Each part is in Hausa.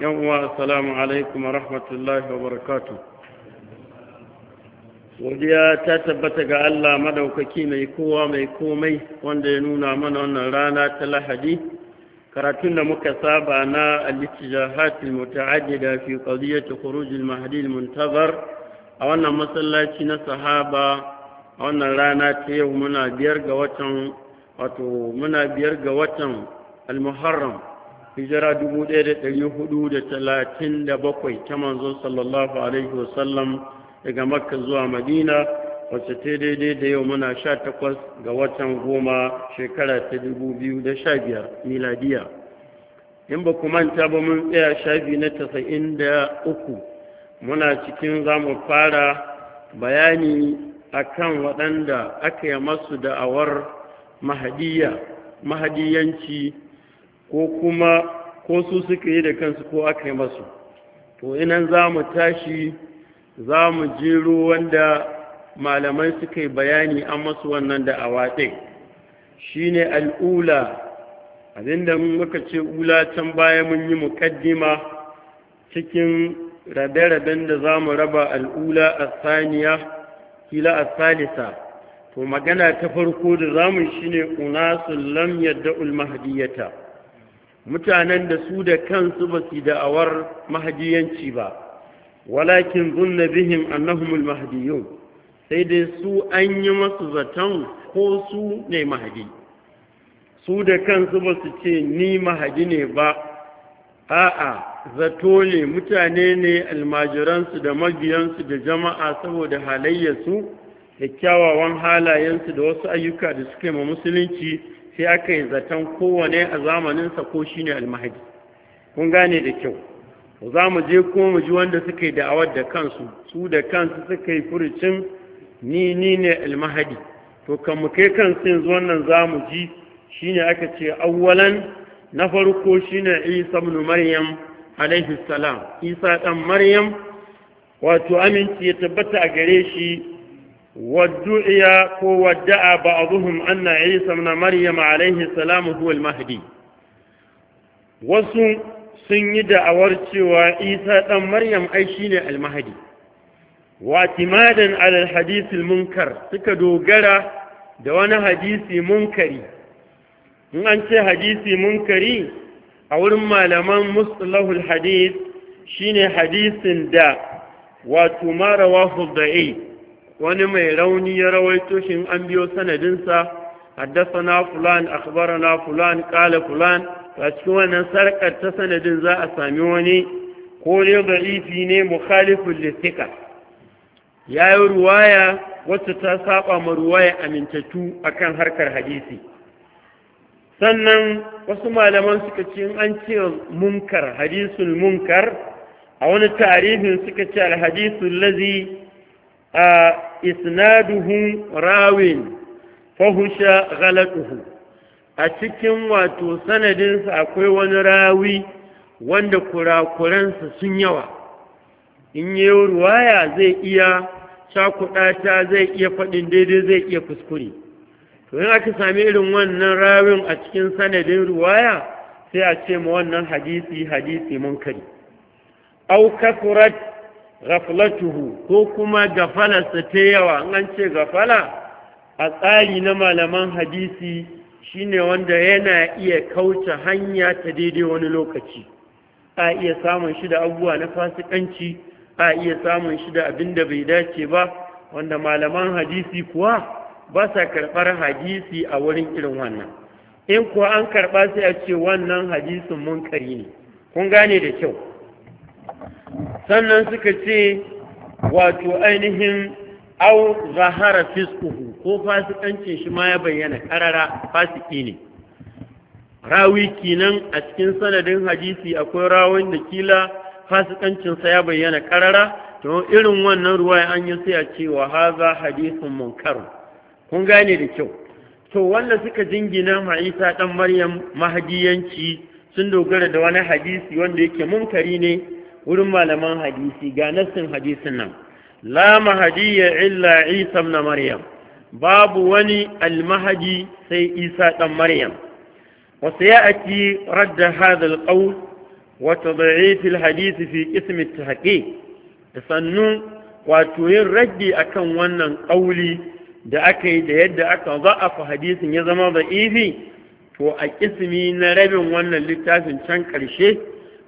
yan uwa assalamu alaikum wa rahmatullahi wa barakatu godiya ta tabbata ga Allah madaukaki mai kowa mai komai wanda ya nuna mana wannan rana ta lahadi karatun da muka saba na al-ittijahatil muta'addida fi qadiyyat khuruj al-mahdi al-muntazar a wannan masallaci na sahaba a wannan rana ta yau muna biyar ga watan wato muna biyar ga watan al-muharram hijira bakwai ta manzon sallallahu alaihi wasallam daga makka zuwa madina wacce ta daidai da yau muna sha takwas ga watan goma shekara ta dubu biyu da sha biyar miladiya in ba manta ba mun tsaya shafi na da uku muna cikin za mu fara bayani a kan waɗanda aka yi masu da'awar mahadiya mahadiyanci ko kuma ko su suka yi da kansu ko aka yi masu to inan za mu tashi za mu jiro wanda malamai suka yi bayani an masu wannan da awaɗe shi ne al'ula abinda muka ce ula can baya mun yi mukaddima cikin rabe-raben da za mu raba al'ula a saniya kila a salisa to magana ta farko da zamun shi ne unasun lam yadda ulmahadiyyata. mutanen da su da kansu ba su da'awar mahadiyanci ba walakin zunna bihim annahumul mahdiyun sai dai su an yi masu zaton ko su ne mahadi su da kansu ba su ce ni mahadi ne ba a'a zato ne mutane ne almajiransu da magiyansu da jama'a saboda halayyarsu da kyawawan halayensu da wasu ayyuka da suke ma musulunci sai aka yi zaton kowane a zamaninsa ko shi ne almahadi kun gane da kyau za mu je ko mu ji wanda suka yi da'awar da kansu su da kansu suka yi furucin ni ni ne almahadi to kan mu kai kansu yanzu wannan za mu ji shi ne aka ce awwalan na farko shi ne Isa ibn Maryam alaihi salam Isa dan Maryam wato aminci ya tabbata a gare shi waddu'iya ko wadda'a ba'dhum anna Isa ibn Maryam alaihi salam huwa al-mahdi wasu sun yi da'awar cewa Isa ɗan Maryam ai shine al-mahdi wa timadan ala al-hadith munkar suka dogara da wani hadisi munkari in an ce hadisi munkari a wurin malaman mustalahul Hadis shine hadisin da wato marawahu da'i wani mai rauni ya rawaito shi an biyo sanadinsa haddasana fulan na fulan kala fulan a cikin wannan sarkar ta sanadin za a sami wani ko ne da'ifi ne mukhalifun lisika ya yi ruwaya wacce ta saba ma ruwaya amintattu akan harkar hadisi sannan wasu malaman suka ce an ce munkar hadisul munkar a wani tarihin suka ce alhadisul lazi isnaduhu rawin fahusha ghalatuhu a cikin wato sanadinsa akwai wani rawi wanda kurakuransa sun yawa in yi ruwaya zai iya cakudata zai iya faɗin daidai zai iya kuskure to aka sami irin wannan rawin a cikin sanadin ruwaya sai a ce ma wannan hadisi hadisi munkari au kasurat ghaflatuhu ko kuma sa ta yawa an ce gafala a tsari na malaman hadisi shine wanda yana iya kauce hanya ta daidai wani lokaci a iya samun shi da abubuwa na fasikanci a iya samun shi da abin da bai dace ba wanda malaman hadisi kuwa ba sa karɓar hadisi a wurin irin wannan in kuwa an karɓa sai a ce wannan hadisin kari ne kun gane da kyau sannan suka ce wato ainihin au zahara fiskuhu ko fasikancin shi ma ya bayyana karara fasiki ne rawi kinan a cikin sanadin hadisi akwai rawin da kila fasikancinsa ya bayyana karara to irin wannan ruwa an yi sai a ce wa haza hadisun munkar kun gane da kyau to wanda suka jingina ma isa dan maryam mahadiyanci sun dogara da wani hadisi wanda yake munkari ne wurin malaman hadisi ga nassin hadisin nan la mahadiyya illa isa na maryam babu wani almahadi sai isa ɗan maryam wasu ya ake radda hadal ƙaun wata da'ifil hadisi fi ismi ta haƙe da sannu wato yin raddi akan wannan ƙauli da aka yi da yadda aka za'afa hadisin ya zama da'ifi to a ismi na rabin wannan littafin can ƙarshe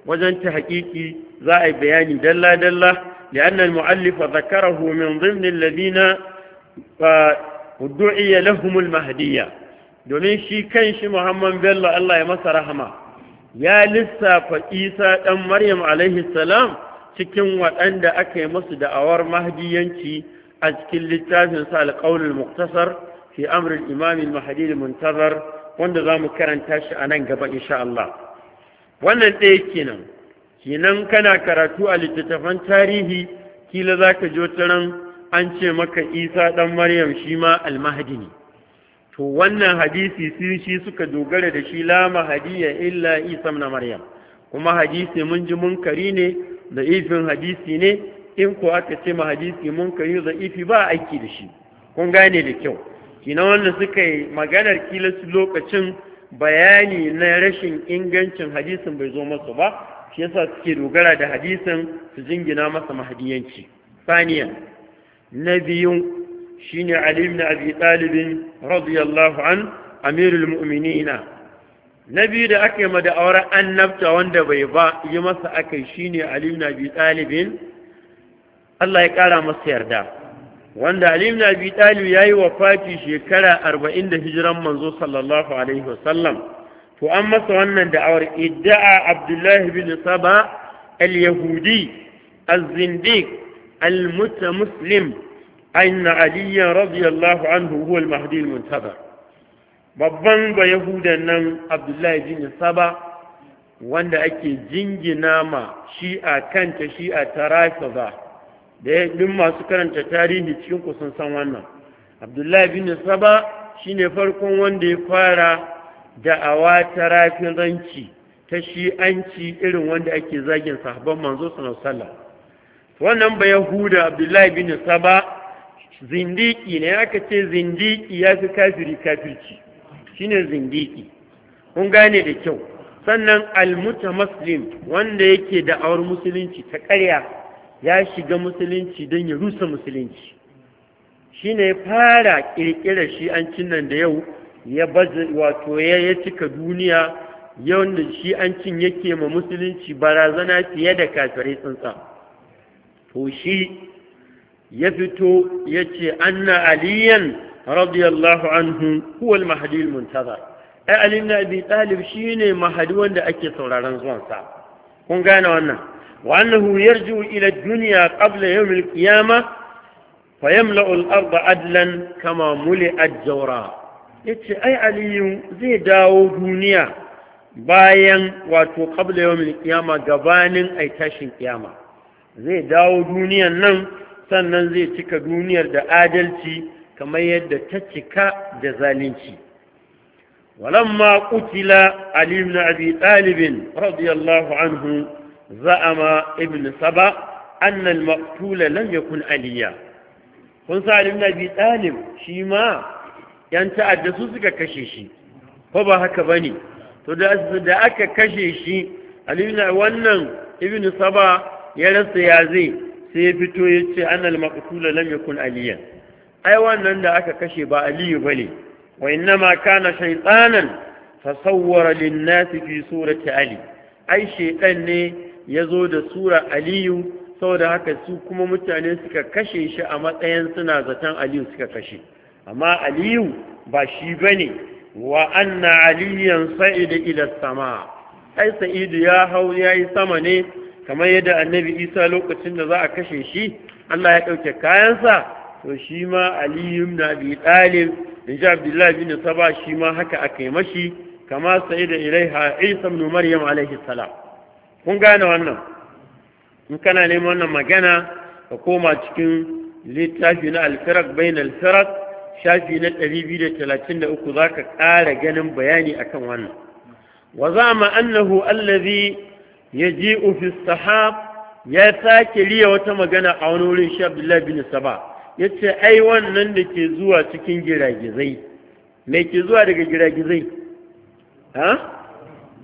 wajen ta haƙiƙi za a yi bayani dalla-dalla mu'allifa المؤلف ذكره من ضمن الذين دعي lahumul المهدية domin shi kan shi Muhammad Bello Allah ya masa rahama ya lissafa Isa ɗan Maryam alaihi salam cikin waɗanda aka yi musu da'awar mahdiyanci a cikin littafin sa alƙaunul muktasar fi amrin imamin mahadi muntazar wanda za mu karanta shi a nan gaba insha Allah wannan ɗaya kenan kenan kana karatu a littattafan tarihi kila za ka jo an ce maka isa ɗan maryam shi ma almahadi ne to wannan hadisi sun shi suka dogara da shi la hadiya illa isa na maryam kuma hadisi mun ji munkari ne da ifin hadisi ne in ko aka ce ma hadisi munkari da ifi ba aiki da shi kun gane da kyau kina wanda suka yi maganar kila su lokacin bayani na rashin ingancin hadisin bai zo masu ba shi yasa suke dogara da hadisin su jingina masa mahdiyanci saniya na biyu shine ali ibn abi talib radiyallahu an amirul mu'minina na biyu da aka yi ma da auren annabta wanda bai ba yi masa aka yi shine ali ibn abi talib Allah ya kara masa yarda wanda ali ibn abi talib yayi wafati shekara 40 da hijiran manzo sallallahu alaihi wasallam to an masa wannan da'awar idda'a abdullahi bin saba al-yahudi al-zindiq al-mutamuslim aina aliyan radiyallahu anhu huwa al-mahdi al muntaba babban ba yahudan nan abdullahi bin saba wanda ake jingina ma shi'a kanta shi'a ta ba. da ya masu karanta tarihi cikin kusan san wannan abdullahi bin saba shine farkon wanda ya fara da'awa ta rafidanci ta shi'anci irin wanda ake zagin sahabban manzo sanar sallah wannan ba yahuda abdullahi bin saba zindiki ne aka ce zindiki ya fi kafiri kafirci ne zindiki kun gane da kyau sannan almuta muslim wanda yake da'awar musulunci ta ƙarya ya shiga musulunci don ya rusa musulunci shine ya fara ƙirƙirar shi'ancin nan da yau ya baje wato ya cika duniya yawan shi an cin yake ma musulunci barazana fiye da kafirai tsuntsa to shi ya fito ya ce anna aliyan radiyallahu anhu huwa al-mahdi al ai ali ibn abi talib shine mahdi wanda ake sauraron zuwansa kun gane wannan wa annahu yarji'u ila dunya qabla yawm al-qiyamah fayamla'u al-ardha adlan kama muli'at jawra ya ce ai aliyu zai dawo duniya bayan wato kabla yawon kiyama gabanin ai tashin kiyama zai dawo duniyan nan sannan zai cika duniyar da adalci kamar yadda ta cika da zalunci walamma قتل علي بن أبي طالب رضي anhu. عنه زعم ابن سبا أن المقتول لم يكن kun sa Aliyu na bi ɗalib shi ma yan ta'adda su suka kashe shi ko ba haka ba ne to da aka kashe shi alibina wannan ibn saba ya rasa ya zai sai ya fito ya ce an almakasula lam yakun aliyan ai wannan da aka kashe ba aliyu ba ne wa ma kana shaytanan fasawwara lin-nasi fi surati ali ai shaytan ne yazo da sura aliyu saboda haka su kuma mutane suka kashe shi a matsayin suna zaton aliyu suka kashe amma aliyu ba shi bane wa anna aliyan sa'ida ila sama ai sa'idu ya hau yayi sama ne kamar yadda annabi isa lokacin da za a kashe shi Allah ya ɗauke kayansa to shi ma aliyu na bi ɗalib da ji abdullahi bin saba shi ma haka aka yi mashi kama sa'ida ilaiha isa ibn maryam alaihi salam kun gane wannan in kana neman wannan magana ka koma cikin littafi na alfirak bain alfirak shafi na 233 za ka ƙara ganin bayani akan wannan wa za mu annahu allazi ji ofis sahab ya sake riya wata magana a wani wurin shi Abdullahi bin Saba ce ai wannan da ke zuwa cikin giragizai me ke zuwa daga giragizai ha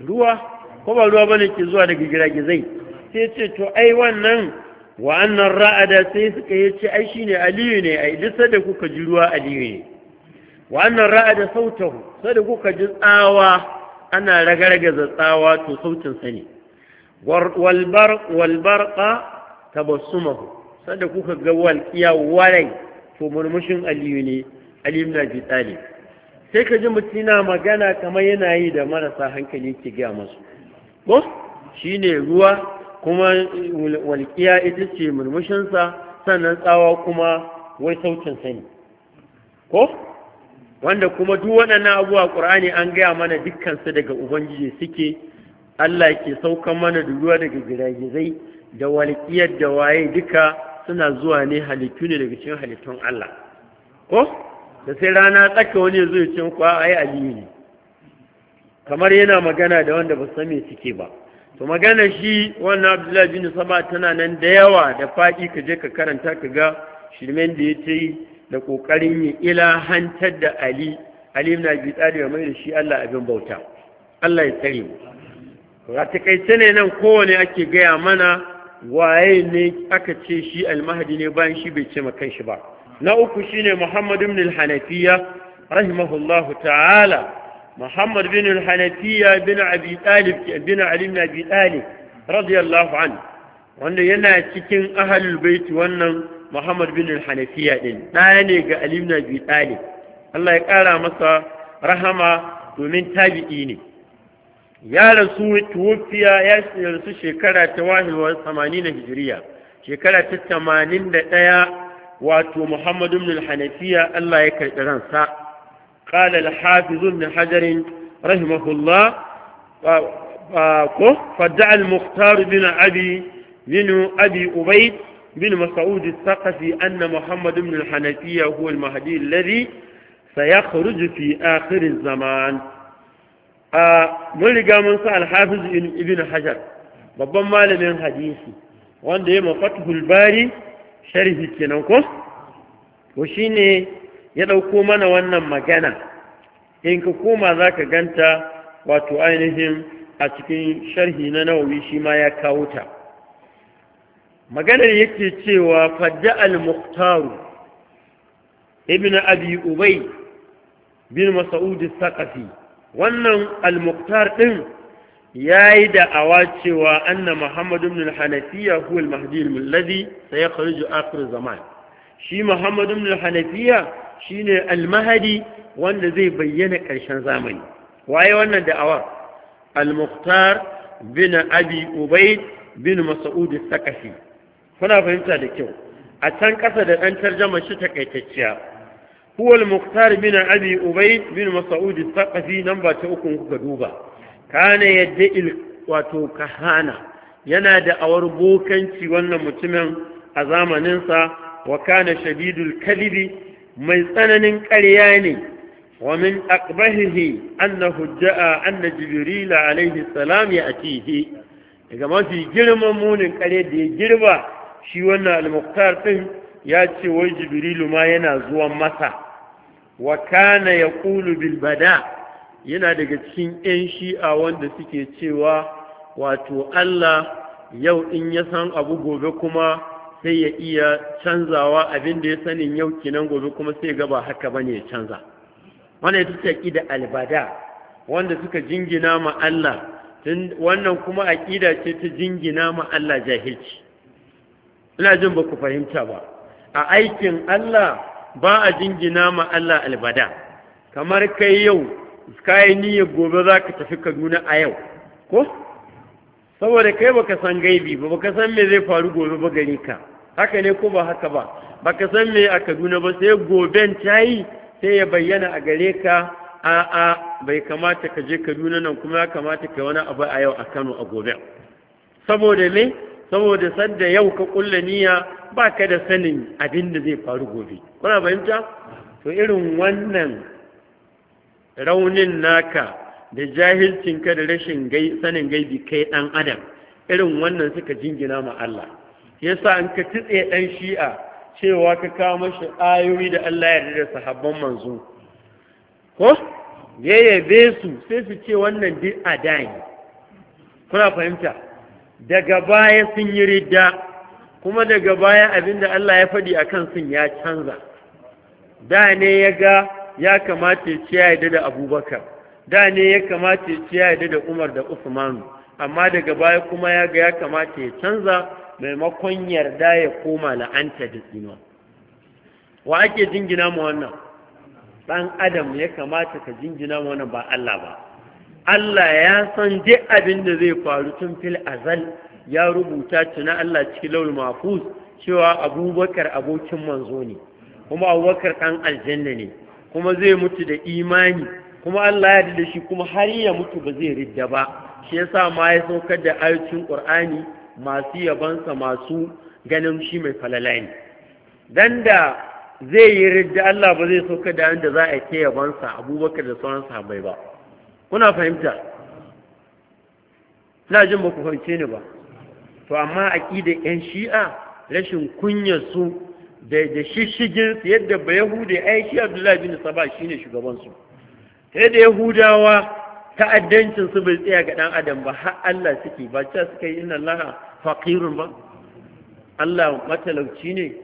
ruwa ko ba ruwa bane ke zuwa daga giragizai sai ce to ai wannan wa annan ra'ada sai suka yi ce ai shi ne aliyu ne ai duk sada kuka ji ruwa aliyu ne wa annan ra'ada sautahu sada kuka ji tsawa ana ragargaza tsawa to sautin sa ne walbar walbarqa tabassumahu sada kuka ga walqiya warai to murmushin aliyu ne aliyu na bi tsari sai ka ji mutum yana magana kamar yana yi da marasa hankali ke gaya masu ruwa kuma walƙiya ita ce murmushinsa sannan tsawa kuma wai saukin sani ko wanda kuma duk waɗannan abuwa ƙur'ani an gaya mana dukkansu daga ubangiji suke allah ke saukan mana da ruwa daga giragizai da walƙiyar da waye duka suna zuwa ne halittu ne daga cikin halittun allah ko da sai rana tsaka wani zai cin kwa ai aliyu ne kamar yana magana da wanda ba su me suke ba to magana shi wannan abdullahi bin saba tana nan da yawa da faɗi ka je ka karanta ka ga shirmen da ya ce da ƙoƙarin ya hantar da ali ali na bi tsari mai da shi allah abin bauta allah ya tsare mu ta takaice ne nan kowane ake gaya mana waye ne aka ce shi almahadi ne bayan shi bai ce makan shi ba na uku shine muhammad ibn al-hanafiya rahimahullahu ta'ala muhammad bin al-hanafiya bin abi talib bin ali bin abi talib radiyallahu anhu. wanda yana cikin ahlul bait wannan muhammad bin al-hanafiya din ɗaya ne ga ali bin abi talib Allah ya ƙara masa rahama domin tabi'i ne ya rasu tuwafiya ya rasu shekara ta wahiwa 80 hijiriya shekara ta 81 wato muhammadu bin hanafiya Allah ya karɓi ransa قال الحافظ ابن حجر رحمه الله فدعا المختار بن أبي بن أبي أبيد بن مسعود الثقفي أن محمد بن الحنفية هو المهدي الذي سيخرج في آخر الزمان آه، ملقى سأل الحافظ ابن حجر بابا malamin hadisi wanda وان mafatihul bari الباري kenan ko وشيني ya ɗauko mana wannan magana in ka koma za ka ganta wato ainihin a cikin sharhi na nawawi shi ma ya kawo ta maganar yake cewa fadda al-muqtaru ibn abi ubay bin mas'ud saqafi wannan al-muqtar din yayi da awa cewa anna muhammad ibn al-hanafiya huwa al-mahdi al-ladhi sayakhruju akhir zaman shi muhammad ibn al-hanafiya shine al wanda zai bayyana ƙarshen zamani waye wannan da'awa al-mukhtar bin abi bin mas'ud al-thaqafi kuna fahimta da kyau a can ƙasa da ɗan tarjama shi takaitacciya huwa al-mukhtar bin abi bin mas'ud al-thaqafi nan ba ta uku kuka duba kana yadda il wato kahana yana da awar bokanci wannan mutumin a zamaninsa wa kana shadidul kalibi mai tsananin ƙarya ne wa min aqbahihi annahu ja'a anna jibril alayhi salam ya atihi daga mafi girman munin ƙarya da ya girba shi wannan al-muqtar din ya ce wai jibrilu ma yana zuwan masa wa kana yaqulu bil bada yana daga cikin yan shi'a wanda suke cewa wato Allah yau in ya san abu gobe kuma sai ya iya canzawa abin da ya sanin yau kinan gobe kuma sai ga ba haka bane ya canza wannan ita ce aqida albada wanda suka jingina ma Allah wannan kuma aqida ce ta jingina ma Allah jahilci ina jin ba ku fahimta ba a aikin Allah ba a jingina ma Allah albada kamar kai yau kai niyyar gobe zaka tafi Kaduna a yau ko saboda kai baka san gaibi ba baka san me zai faru gobe ba gari ka haka ne ko ba haka ba baka san me a Kaduna ba sai goben tayi sai ya bayyana a gare ka a a bai kamata ka je Kaduna nan kuma ya kamata ka wani abu a yau a Kano a gobe saboda me saboda sadda yau ka kulla niyya baka da sanin abin da zai faru gobe kuna fahimta to irin wannan raunin naka da jahilcinka da rashin sanin gaibi kai ɗan adam irin wannan suka jingina ma Allah Ya sa an ka tutse ɗan shi'a cewa ka kawo mashi ayoyi da Allah ya da sahabban manzo ko ya yabe su sai su ce wannan duk a ne kuna fahimta daga baya sun yi ridda kuma daga baya abinda Allah ya faɗi akan sun ya canza da ne ya ga ya kamata ya ce ya da abubakar da ne ya kamata ya ci ya yarda da umar da usmanu amma daga baya kuma ya ga ya kamata ya canza maimakon yarda ya koma la'anta da tsinuwa wa ake jingina mu wannan ɗan adam ya kamata ka jingina mu wannan ba Allah ba Allah ya san duk abin da zai faru tun fil azal ya rubuta tuna Allah cikin laul mafus, cewa abubakar abokin manzo ne kuma abubakar ɗan aljanna ne kuma zai mutu da imani kuma Allah ya dade shi kuma har ya mutu ba zai ridda ba shi yasa ma ya saukar da ayoyin Qur'ani masu yabansa masu ganin shi mai falalai ne dan da zai yi ridda Allah ba zai saukar da wanda za a ke yabansa Abubakar da sauran sahabbai ba kuna fahimta ina jin ba ku fahimce ni ba to amma aqida yan shi'a rashin kunyar su da shishigin su yadda ba da ai shi Abdullahi bin Saba shine shugaban su sai da yahudawa ta'addancin su bai tsaya ga dan adam ba har Allah suke ba cewa suka yi inna Allah faqirun ba Allah matalauci ne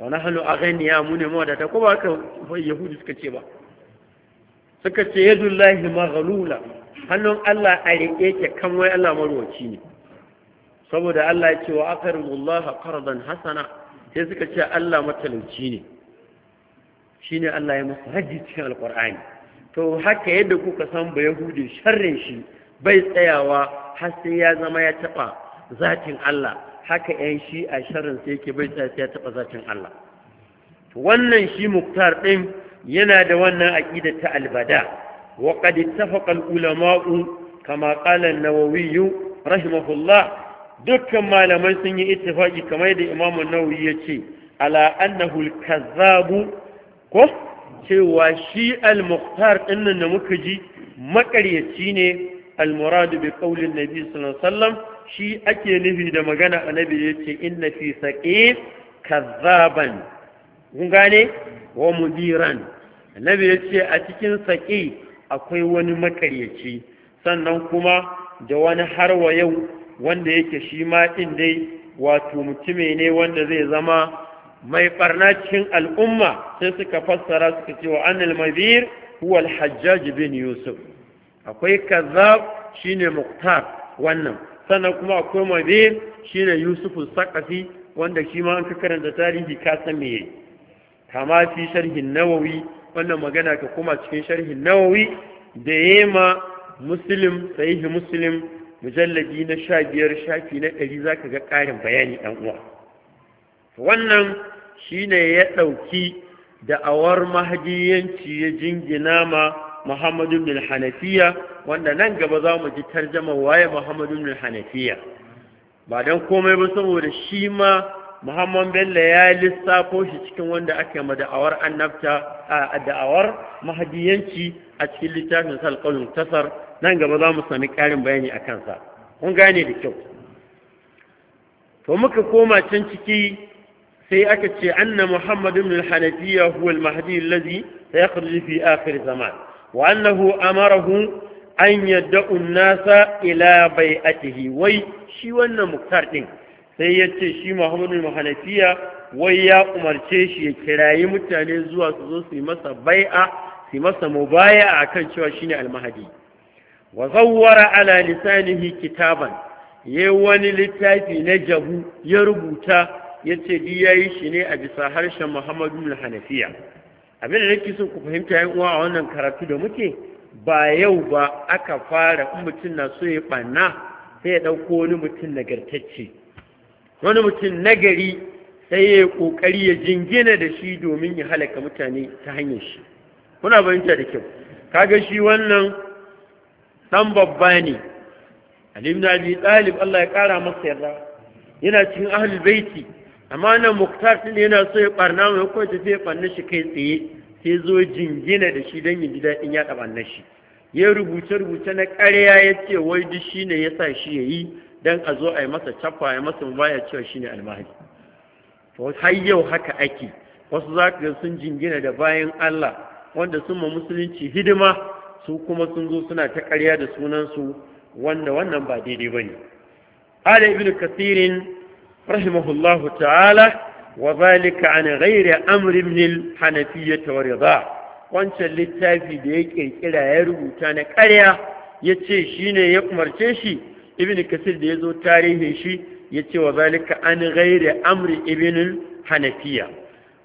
wa nahnu aghniya mu ne mu da ta ko ba ka yahudi suka ce ba suka ce yadullahi maghlula hannun Allah a rike ke kan wai Allah marwaci ne saboda Allah ya ce wa aqridullaha qardan hasana sai suka ce Allah matalauci ne shine Allah ya musu hajji cikin alqur'ani to haka yadda kuka san ba yahudi sharrin shi bai tsayawa har sai ya zama ya taɓa zatin Allah haka ‘yan shi a sharrin sai yake bai tsaya sai ya taɓa zatin Allah wannan shi muktar ɗin yana da wannan aƙida ta albada wa qad ittafaqa al-ulama'u kama qala an-nawawi rahimahullah dukkan malamai sun yi ittifaqi kamar da imamu an-Nawawi yace ala annahu al-kazzabu ko cewa shi al muktar ɗinnan da muka ji makaryaci ne al-muradu bi qaulin nabi sallallahu alaihi wasallam shi ake nufi da magana annabi yace inna fi saqif kazzaban kun gane wa mudiran annabi yace a cikin saqi akwai wani makaryaci sannan kuma da wani harwa yau wanda yake shi ma din dai wato mutume ne wanda zai zama mai barna cikin al'umma sai suka fassara suka ce wa annal mabir huwa al-hajjaj bin yusuf akwai kazzab shine muktar wannan sannan kuma akwai mabir shine yusuf saqafi wanda shi ma an ka karanta tarihi ka san me yayi kama fi sharhin nawawi wannan magana ka kuma cikin sharhin nawawi da yema muslim sahihi muslim mujalladi na 15 shafi na 100 zaka ga karin bayani dan uwa wannan shine ya ɗauki da'awar mahadiyanci ya jingina ma muhammadu bin hanafiya wanda nan gaba za mu ji tarjama waye muhammadu bin hanafiya ba don komai ba saboda shi ma muhammad bello ya lissafo shi cikin wanda ake ma da'awar annabta a da'awar mahadiyanci a cikin littafin salƙalin tasar nan gaba za mu sami ƙarin bayani a kansa kun gane da kyau to muka koma can ciki sai aka ce anna muhammad ibn al-hanafiya huwa al-mahdi alladhi sayakhruj fi akhir zaman wa annahu amarahu an yadda'u an-nasa ila bai'atihi wai shi wannan muktar din sai ya ce shi muhammad ibn al wai ya umarce shi ya kirayi mutane zuwa su zo su yi masa bai'a su yi masa mubaya'a akan cewa shine al-mahdi wa zawwara ala lisanihi kitaban yayi wani littafi na jabu ya rubuta ya ce di ya yi shi ne a bisa harshen muhammadu na hanafiya abin da nake so ku fahimta yan uwa a wannan karatu da muke ba yau ba aka fara in mutum na so ya ɓanna sai ya ɗauko wani mutum nagartacce wani mutum nagari sai ya yi ƙoƙari ya jingina da shi domin ya halaka mutane ta hanyar shi kuna fahimta da kyau kaga shi wannan ɗan babba ne alim na bi ɗalib Allah ya ƙara masa yarda yana cikin ahlul baiti amma nan muktar da yana so ya ɓarna mai ko tafi ya shi kai tsaye sai zo jingina da shi don yin ji daɗin ya ɓanna shi ya rubuce-rubuce na ƙarya ya ce wai duk shi ne ya sa shi ya yi don a zo a yi masa cafa ya masa baya cewa shi ne almahadi har yau haka ake wasu za ka sun jingina da bayan Allah wanda sun ma musulunci hidima su kuma sun zo suna ta ƙarya da sunansu wanda wannan ba daidai ba ne. Ala ibn Kasirin rahimahullahu ta'ala wazalika zalika an ghairi amri min al-hanafiyya wa ridha wancan littafi da ya ƙirƙira ya rubuta na ƙarya yace shine ya umarce shi ibn kasir da zo tarihin shi yace wa zalika an ghairi amri ibn hanafiya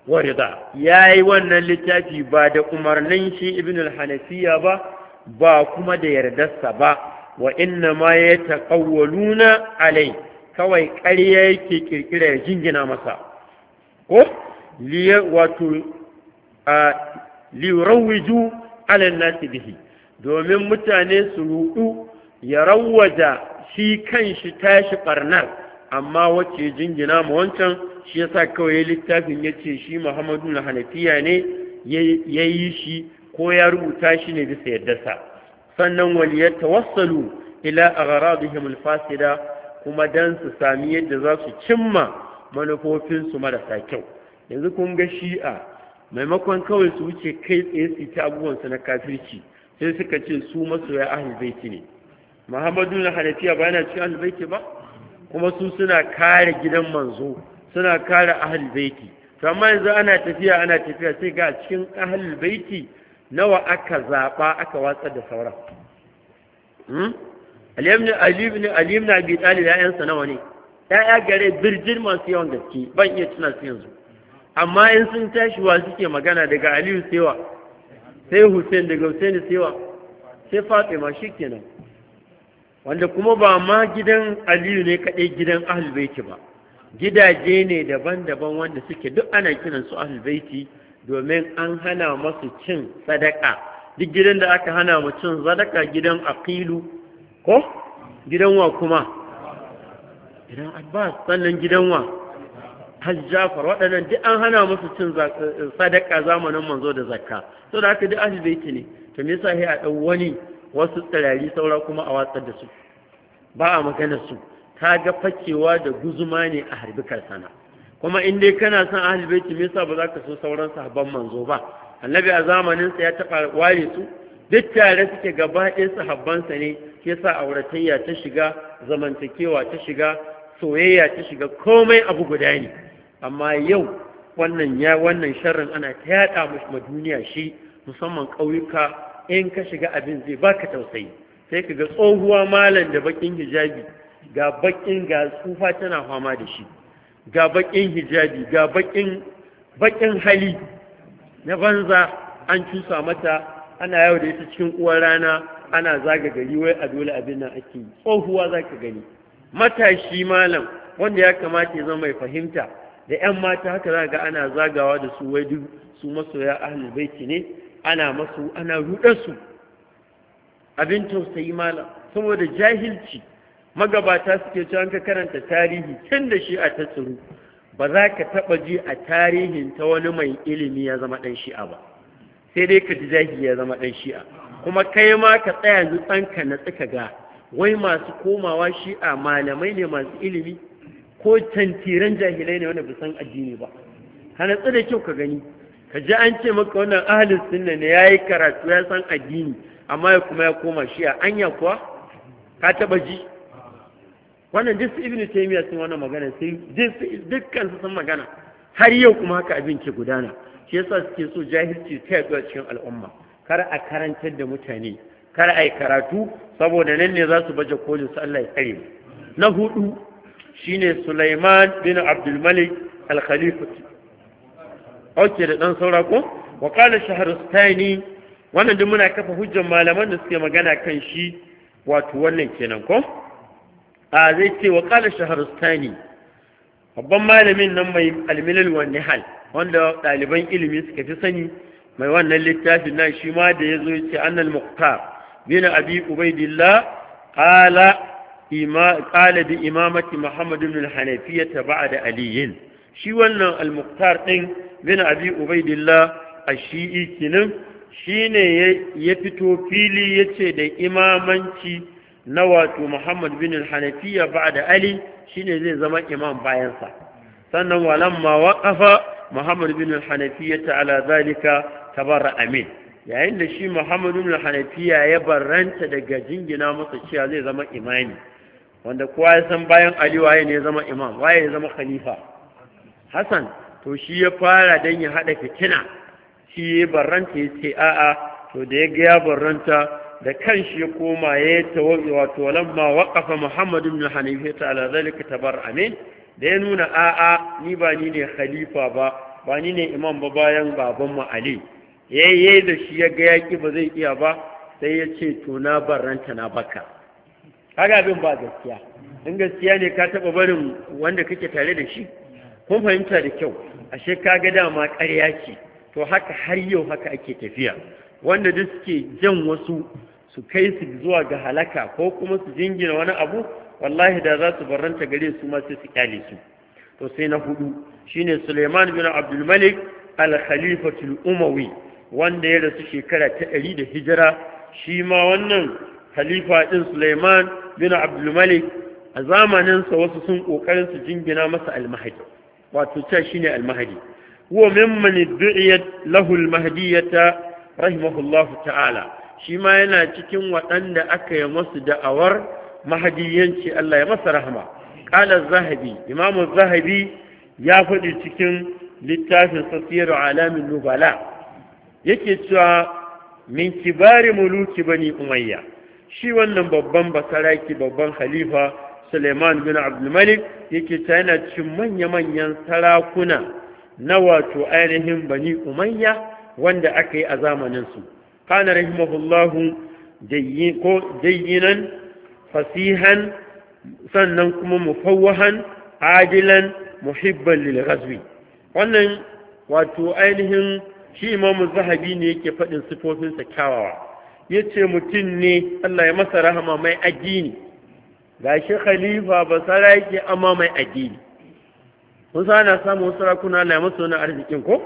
wa ridha yayi wannan littafi ba da umarnin shi ibn hanafiya ba ba kuma da yardarsa ba wa inna ma yataqawwaluna alai kawai ƙarya yake ƙirƙira ya jingina masa ko liya wato a lirawiju alal nasi domin mutane su rudu ya rawaja shi kan shi tashi ɓarnar. amma wacce jingina ma wancan shi ya sa kawai littafin ya ce shi Muhammadu na Hanafiya ne ya yi shi ko ya rubuta shi ne bisa yadda sa, sannan waliyar tawassalu ila agharadihim fasida. kuma dan su sami yadda za su cimma manufofinsu marasa kyau yanzu kun ga shi'a maimakon kawai su wuce kai tsaye su ta abubuwansu na kafirci sai suka ce su masoya ahlul ne muhammadu na hanafiya ba yana cikin ahlul ba kuma su suna kare gidan manzo suna kare ahlul baiti to amma yanzu ana tafiya ana tafiya sai ga cikin ahlul nawa aka zaɓa aka watsar da sauran hmm? Ali ibn Talib yansa nawa ne ƴaƴa gare birjin masu yawan gaske ban iya tuna su amma in sun tashi wa suke magana daga Aliyu Sewa sai Hussein daga Hussein Sewa sai Fatima nan. wanda kuma ba ma gidan Aliyu ne kaɗai gidan Ahlul Baiti ba gidaje ne daban-daban wanda suke duk ana kiransu su Baiti domin an hana masu cin sadaka duk gidan da aka hana mu cin sadaka gidan Akilu. ko gidan wa kuma gidan abbas sannan gidan hajjafar waɗannan duk an hana musu cin eh, sadaka zamanin manzo da zakka to da haka duk ahlibaiti ne to me yasa sai a ɗau wani wasu tsirari saura kuma a watsar da su ba a magana su ta ga fakewa da guzuma ne a harbikar sana kuma in dai kana son ahlibaiti me yasa ba za ka so sauran sahabban manzo ba annabi a zamaninsa ya taɓa ware su duk tare suke gaba ɗaya sahabbansa ne Ke sa auratayya ta shiga zamantakewa ta shiga soyayya ta shiga komai abu guda ne amma yau wannan ya wannan sharrin ana ta yada ma duniya shi musamman ƙauyuka in ka shiga abin zai baka tausayi sai ka ga tsohuwa malam da bakin hijabi ga bakin ga tsufa tana fama da shi ga bakin hijabi ga bakin bakin hali na banza an cusa mata ana yau da ita cikin uwar rana ana zaga gari wai a dole abin nan ake yi tsohuwa za ka gani matashi malam wanda ya kamata ya zama mai fahimta da 'yan mata haka za ga ana zagawa da su wai duk su masoya ahlul baiti ne ana masu ana rudar su abin tausayi malam saboda jahilci magabata suke cewa ka karanta tarihi tun da shi a ta tsuru ba za ka taɓa ji a tarihin ta wani mai ilimi ya zama ɗan shi'a ba sai dai ka ji jahili ya zama ɗan shi'a kuma kai ma ka tsaya yanzu tsanka na tsaka ga wai masu komawa shi a malamai ne masu ilimi ko tantiran jahilai ne wanda san addini ba ka tsada kyau ka gani ka ji an ce maka wannan ahalin sunna ne yayi karatu ya san addini amma ya kuma ya koma shi a anya kuwa ka taba ji wannan duk ibnu taymiya sun wannan magana sai dukkan su sun magana har yau kuma haka abin ke gudana shi yasa suke so jahilci ta yaduwa cikin al'umma kar a karantar da mutane kar a yi karatu saboda nan ne za su baje kolin su Allah ya kare na hudu shine Sulaiman bin Abdul Malik al khalifa auke da dan saura ko wa kana shahrustaini wannan duk muna kafa hujjar malaman da suke magana kan shi wato wannan kenan ko a zai ce wa kana shahrustaini babban malamin nan mai almilal wa nihal wanda ɗaliban ilimi suka fi sani mai wannan littafin nan shi ma da ya zo ce annal muqtar bin abi ubaidillah qala ima qala bi imamati muhammad ibn al-hanafiyyah ba'da aliyin shi wannan al-muqtar din bin abi ubaidillah ash-shi'i kinin shine ya fito fili yace da imamanci na wato muhammad bin al-hanafiyyah ba'da ali shine zai zama imam bayansa sannan walamma waqafa muhammad bin al-hanafiyyah ala zalika ta amin yayin da shi muhammadu bin hanafiya ya barranta daga jingina masa cewa zai zama imani wanda kowa ya san bayan ali waye ne ya zama imam waye ya zama khalifa hasan to shi ya fara dan ya hada fitina shi ya barranta ya ce a'a to da ya ga ya barranta da kanshi ya koma ya tawabi wato lamma waqafa muhammadu bin hanafiya ala zalika tabar amin da ya nuna a'a ni ba ni ne khalifa ba ba ni ne imam ba bayan babanmu ali yayye da shi ya ga yaƙi ba zai iya ba sai ya ce to na ranta na baka kaga abin ba gaskiya in gaskiya ne ka taɓa barin wanda kake tare da shi kun fahimta da kyau ashe ka ga dama ƙarya ce to haka har yau haka ake tafiya wanda duk suke jan wasu su kai su zuwa ga halaka ko kuma su jingina wani abu wallahi da za su barranta gare su ma sai su kyale su to sai na hudu shine Suleiman bin Abdul Malik al-Khalifatul Umawi wanda ya rasu shekara ta ɗari da hijira shi ma wannan khalifa ɗin Sulaiman bin Abdulmalik a zamaninsa wasu sun ƙoƙarin su jingina masa almahadi wato cewa shine almahadi huwa mimman du'iyat lahu almahdiyata rahimahullahu ta'ala shi ma yana cikin waɗanda aka yi masu da'awar mahadiyanci Allah ya masa rahama qala zahabi imamu zahabi ya faɗi cikin littafin sasiru alamin nubala yake cewa min kibari muluki bani umayya shi wannan babban basaraki babban khalifa suleiman bin abdulmalik yake ta yana cin manya-manyan sarakuna na wato ainihin bani umayya wanda aka yi a zamaninsu kana rahimahullahu ko jayyinan fasihan sannan kuma mufawwahan adilan muhibban lil wannan wato ainihin shi imamu zahabi ne yake faɗin sifofinsa kyawawa ya ce mutum ne Allah ya masa rahama mai addini ga shi khalifa ba yake amma mai addini kun sa ana samun sarakuna Allah ya masa wani arzikin ko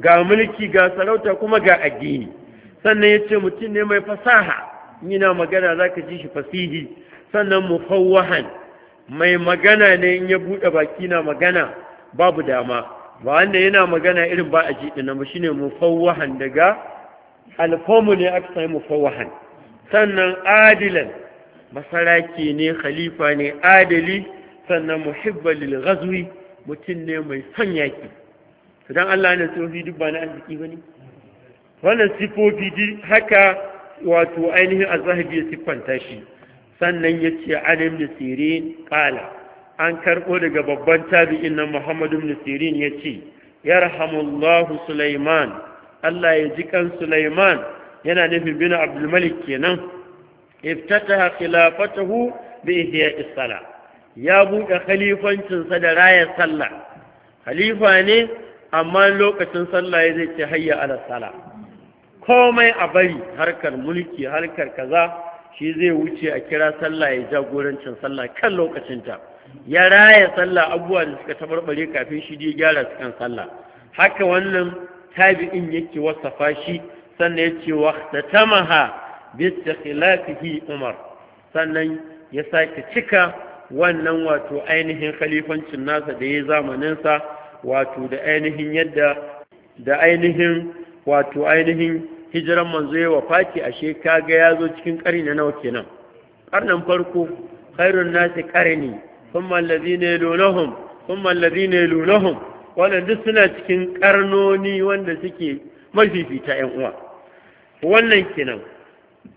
ga mulki ga sarauta kuma ga addini sannan ya ce mutum ne mai fasaha yana magana za ka ji shi fasihi sannan mufawwahan mai magana ne in ya buɗe baki na magana babu dama ba wanda yana magana irin ba a ji ɗin ba shine mufawahan daga alfamu ne aka sami sannan adilan masaraki ne khalifa ne adali sannan muhibba lil mutum ne mai son yaki dan Allah ne sofi duk ba na arziki bane wannan sifofi haka wato ainihin azhabi ya siffanta shi sannan yace alim nasirin qala an karɓo daga babban tabi'in nan Muhammadu ibn Sirin yace yarhamullahu Sulaiman Allah ya ji kan Sulaiman yana nufin bin abdulmalik kenan iftataha khilafatahu bi ihya'is sala ya buɗe khalifancinsa da raya sallah khalifa ne amma lokacin sallah ya zai ce hayya ala sala komai a bari harkar mulki harkar kaza shi zai wuce a kira sallah ya jagorancin sallah kan lokacinta ya raya sallah abubuwa da suka tabarbare kafin shi dai gyara su kan sallah haka wannan tabi'in yake wasafa shi sannan ya ce wa tatamaha bi khilafihi umar sannan ya sake cika wannan wato ainihin khalifancin nasa da ya zamaninsa wato da ainihin yadda da ainihin wato ainihin hijiran manzo ya wafaki a kaga ya zo cikin ƙari na nawa kenan ƙarnin farko khairun nasi ƙarni ثم الذين يلونهم ثم الذين يلونهم wannan duk suna cikin ƙarnoni wanda suke mafifita ‘yan uwa wannan kinan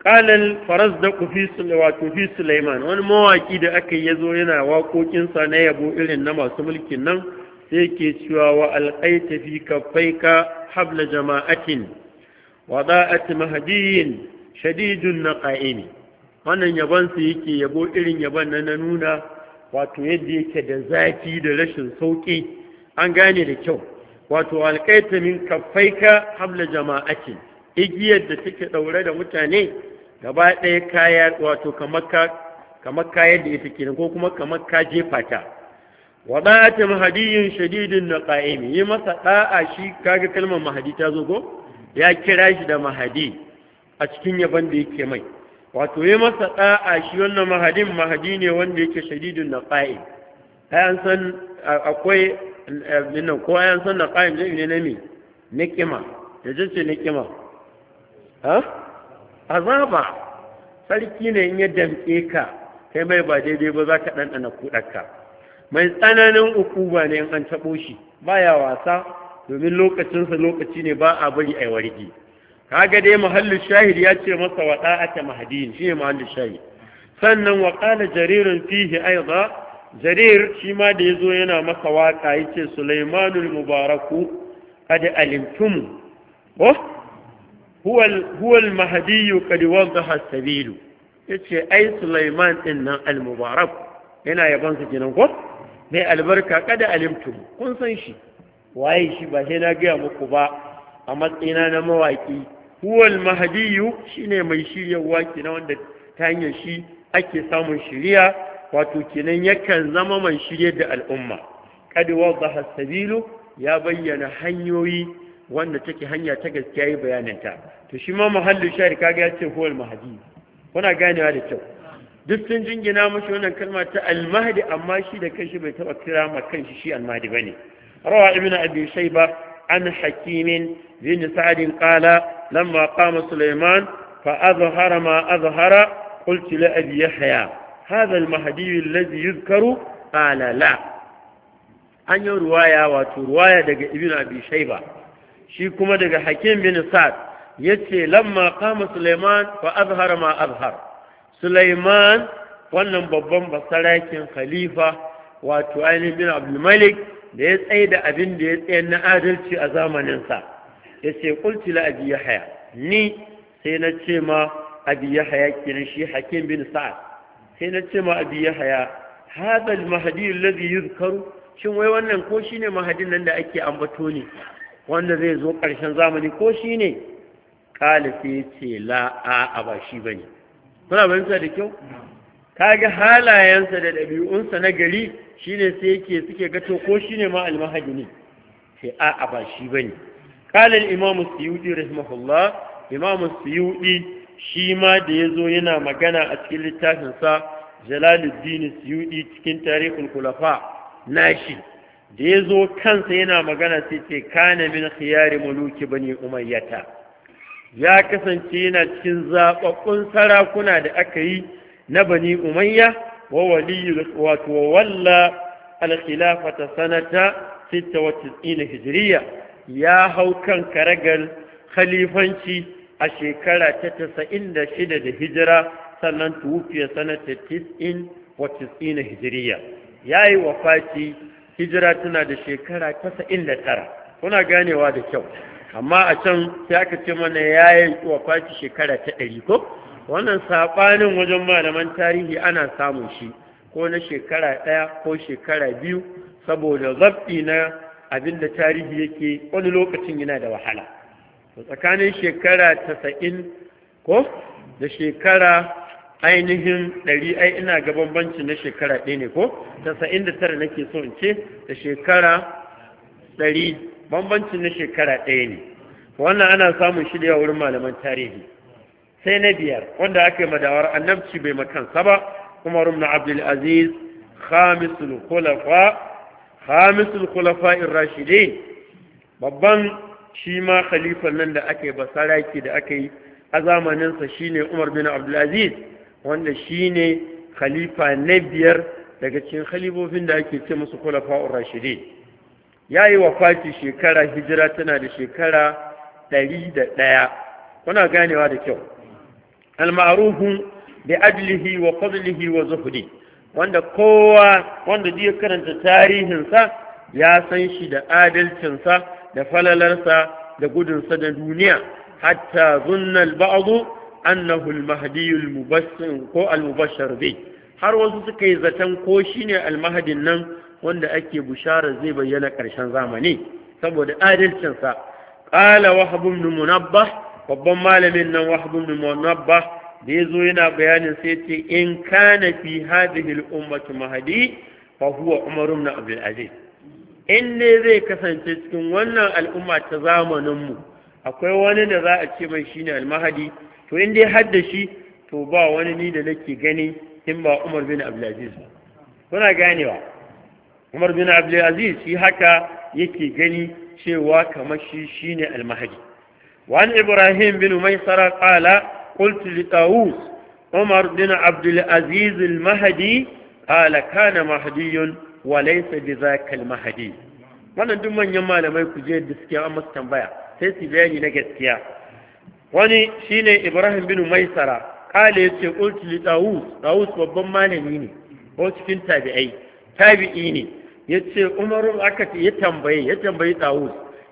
ƙalal faras da wato fi Sulaiman wani mawaƙi da aka yazo yana waƙoƙinsa na yabo irin na masu mulkin nan sai ke cewa wa tafi fi kaffaika habla jama'atin wa da'at mahdiyin shadidun naqa'ini wannan yabon su yake yabo irin yabon na nuna wato yadda yake da zafi da rashin sauƙi an gane da kyau wato alƙaita min kaffaika habla igiyar da take ɗaure da mutane gaba ɗaya kaya wato kamar kayan da ita kenan ko kuma kamar ka jefa ta wa da'atin mahadiyin shadidin na qa'imi yi masa Ɗa'a shi kaga kalmar mahadi ta zo ko ya kira shi da mahadi a cikin yaban da yake mai wato yi masa ɗa'a shi wannan mahadin mahadi ne wanda yake shadidun na ƙa'i ayan san akwai eh, san na ƙa'in zai ne na mi na ƙima? da jinsi na ƙima? ha azaba sarki ne in ya damƙe ka kai mai ba daidai ba za ka ɗanɗana kuɗarka mai tsananin ukuba ne in an taɓo shi baya wasa domin lokacinsa lokaci ne ba a bari a yi wargi kaga dai mahallu shahid ya ce masa wa da'ata mahdin shi ne mahallu shahid sannan wa qala jarirun fihi jaririn jarir shi ma da yazo yana masa waka yace sulaimanul mubaraku qad alimtum oh huwa huwa al mahdi qad wadaha as-sabil yace ai sulaiman din nan al mubarak yana yaban sa kenan ko mai albarka kada alimtum kun san shi waye shi ba sai na ga muku ba a matsayina na mawaki huwal mahadiyu shine mai shiryarwa kenan wanda ta hanyar shi ake samun shiriya wato kinan yakan zama mai shirye da al'umma kad wadaha sabilu ya bayyana hanyoyi wanda take hanya ta gaskiya yi ta. to shi ma mahallu shari kaga ya ce huwal mahadi kuna ganewa da kyau duk sun jingina mashi wannan kalma ta almahdi amma shi da kanshi bai taba kira ma kanshi shi almahdi bane rawa ibnu abi shayba عن حكيم بن سعد قال لما قام سليمان فأظهر ما أظهر قلت لأبي يحيى هذا المهدي الذي يذكر قال لا أن رواية وترواية دقى ابن أبي شيبة شيكما دقى حكيم بن سعد يتي لما قام سليمان فأظهر ما أظهر سليمان wannan babban basarakin khalifa wato ainihin bin abdulmalik da ya tsaye da abin da ya tsaye na adalci a zamaninsa ya ce kultila abi yahaya ni sai na ce ma abi yahaya kenan shi hakim bin sa'ad sai na ce ma abi yahaya hadha al-mahdi alladhi yuzkaru shin wai wannan ko shine mahadin nan da ake ambato ne wanda zai zo ƙarshen zamani ko shine ne? ce la a ba shi bane kuna bayyana da kyau ga halayensa da ɗabi'unsa na gari shine sai yake suke gato ko shine ma almahadi ne sai a a ba shi ba قال الامام السيوطي rahimahullah الله امام السيوطي شيما da yazo yana magana a cikin littafinsa sa jalal cikin tarihin al-khulafa nashi da zo kansa yana magana sai ce kana min khiyar muluk bani umayyah ya kasance yana cikin zaɓaɓɓun sarakuna da aka yi na bani umayya wa waliyu wato walla alkhilafata sanata 96 hijriya ya hau kan karagar khalifanci a shekara ta 96 da hijira sannan tuwufiya sanata 90 wa 90 hijriya ya yi wafati hijira tana da shekara 99 kuna ganewa da kyau amma a can sai aka ce mana ya yi wafati shekara ta 100 ko wannan saɓanin wajen malaman tarihi ana samun shi ko na shekara ɗaya ko shekara biyu saboda zaɓi na abin da tarihi yake wani lokacin yana da wahala tsakanin shekara tasa'in ko da shekara ainihin ɗari ai ina ga bambanci na shekara ɗaya ne ko tasa'in da tara nake so in ce da shekara ɗari bambancin na shekara ɗaya ne wannan ana samun shi da wurin malaman tarihi sai na biyar wanda aka yi madawar annabci bai makansa ba umar ibn abdul aziz khamisul khulafa khamisul ar rashidin babban shi ma khalifan nan da aka basaraki da aka yi a zamaninsa shine umar bin aziz, wanda shine khalifa na biyar daga cikin khalifofin da ake ce musu ar rashidin ya yi wafati shekara hijira tana da shekara ɗari da ɗaya kuna ganewa da kyau al-ma'ruf bi ajlihi wa wa wanda kowa wanda zai karanta tarihinsa ya san shi da adalcinsa da falalarsa da gudunsa da duniya hatta zunna al-ba'd annahu al-mahdi al-mubashshir ko al-mubashshir bi har wasu suka yi zaton ko shine al-mahdin nan wanda ake bushara zai bayyana ƙarshen zamani saboda adalcinsa qala wahab ibn munabbah babban malamin nan wahab min munabba da yazo yana bayanin sai ce in kana fi hadhihi al-ummati mahdi fa huwa umar ibn abdul aziz in ne zai kasance cikin wannan al'umma ta zamanin mu akwai wani da za a ce mai shine al-mahdi to in dai hadda shi to ba wani ni da nake gani in ba umar bin abdul aziz ba kuna ganewa umar bin abdul aziz shi haka yake gani cewa kamar shi shine al-mahdi وعن إبراهيم بن ميسرة قال قلت لطاووس عمر بن عبد العزيز المهدي قال كان مهدي وليس بذاك المهدي wannan duk manyan malamai ku je da suke an masu tambaya sai su bayani na gaskiya wani shine Ibrahim bin Maisara kale yace qultu li Dawus Dawus babban malami ne ko cikin tabi'ai tabi'i ne yace Umar aka ya tambaye ya tambayi